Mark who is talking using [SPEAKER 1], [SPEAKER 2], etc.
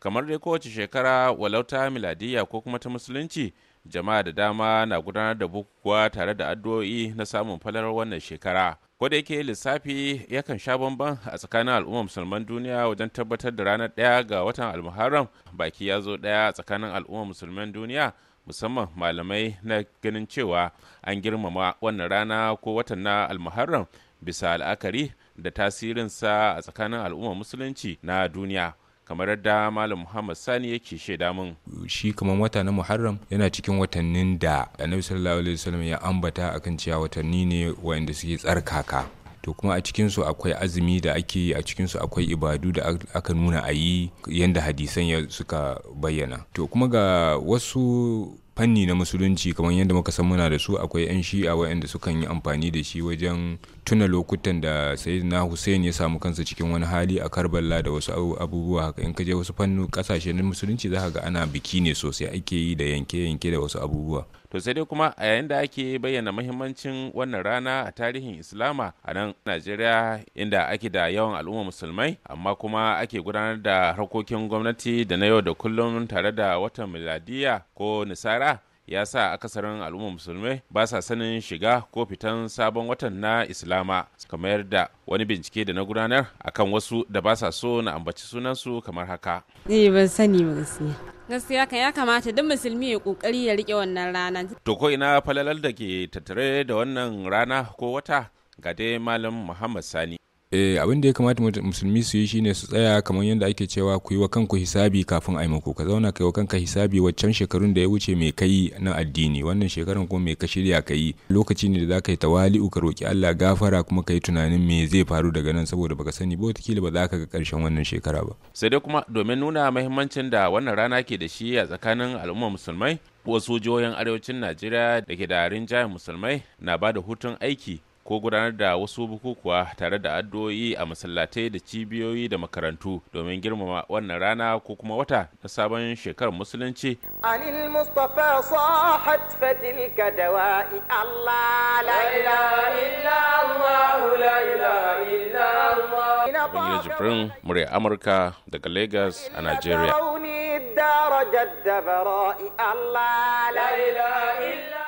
[SPEAKER 1] kamar dai kowace shekara walauta ta miladiyya ko kuma ta musulunci jama'a da dama na gudanar da bukukuwa tare da addu'o'i na samun falar wannan shekara ko da yake lissafi yakan sha bamban a tsakanin al'ummar musulman duniya wajen tabbatar da ranar ɗaya ga watan almuharram baki ya zo ɗaya a tsakanin al'ummar musulman duniya musamman malamai na ganin cewa an girmama wannan rana ko watan na almuharram bisa al'akari da tasirinsa a tsakanin al'ummar musulunci na duniya kamar yadda malam muhammad sani yake shaida mun
[SPEAKER 2] shi kamar wata na muharram yana cikin watannin da annabi sallallahu alaihi wasallam ya ambata a kan cewa watanni ne wayanda suke tsarkaka to kuma a cikinsu akwai azumi da ake yi a cikinsu akwai ibadu da aka nuna ayi yi yadda hadisan ya suka bayyana to kuma ga wasu fanni na musulunci kamar yadda muka san muna da su akwai 'yan shi'a waɗanda sukan yi amfani da shi wajen tuna lokutan da na hussein ya samu kansa cikin wani hali a karbala da wasu abubuwa haka in ka je wasu fannin kasashe na musulunci za ga ana biki ne sosai ake yi da yanke-yanke da wasu abubuwa to sai dai
[SPEAKER 1] kuma a yayin da ake bayyana mahimmancin wannan rana a tarihin islama a nan najeriya inda ake da yawan al'umma musulmai amma kuma ake gudanar da harkokin gwamnati da na yau da kullum tare da watan miladiya ko nisara ya sa akasarin al'umma musulmai ba sa sanin shiga ko fitan sabon watan na islama suka mayar da wani bincike da na gudanar akan wasu da ba sa so na ambaci sunansu kamar haka
[SPEAKER 2] ni ban sani ba gaskiya gaskiya ka ya kamata duk musulmi ya kokari ya rike wannan rana
[SPEAKER 1] to ko ina falalar da ke tattare da wannan rana ko wata ga dai malam muhammad
[SPEAKER 2] sani eh abin da ya kamata musulmi su yi shine su tsaya kamar yadda ake cewa ku yi wa kanku hisabi kafin a yi muku ka zauna ka yi wa kanka hisabi waccan shekarun da ya wuce mai kai na addini wannan shekaran kuma mai ka shirya ka yi lokaci ne da za ka yi tawali'u ka roki Allah gafara kuma ka yi tunanin me zai faru daga nan saboda baka sani ba kila ba za ka ga karshen wannan shekara ba
[SPEAKER 1] sai dai kuma domin nuna mahimmancin da wannan rana ke da shi a tsakanin al'ummar musulmai wasu jihohin arewacin najeriya da ke da rinjayen musulmai na bada hutun aiki ko gudanar da wasu bukukuwa tare da addu'o'i a masallatai da cibiyoyi da makarantu domin girmama wannan rana ko kuma wata na sabon shekarar musulunci
[SPEAKER 2] anil mustafa sahat amurka daga allah a ilaha allah la ilaha illa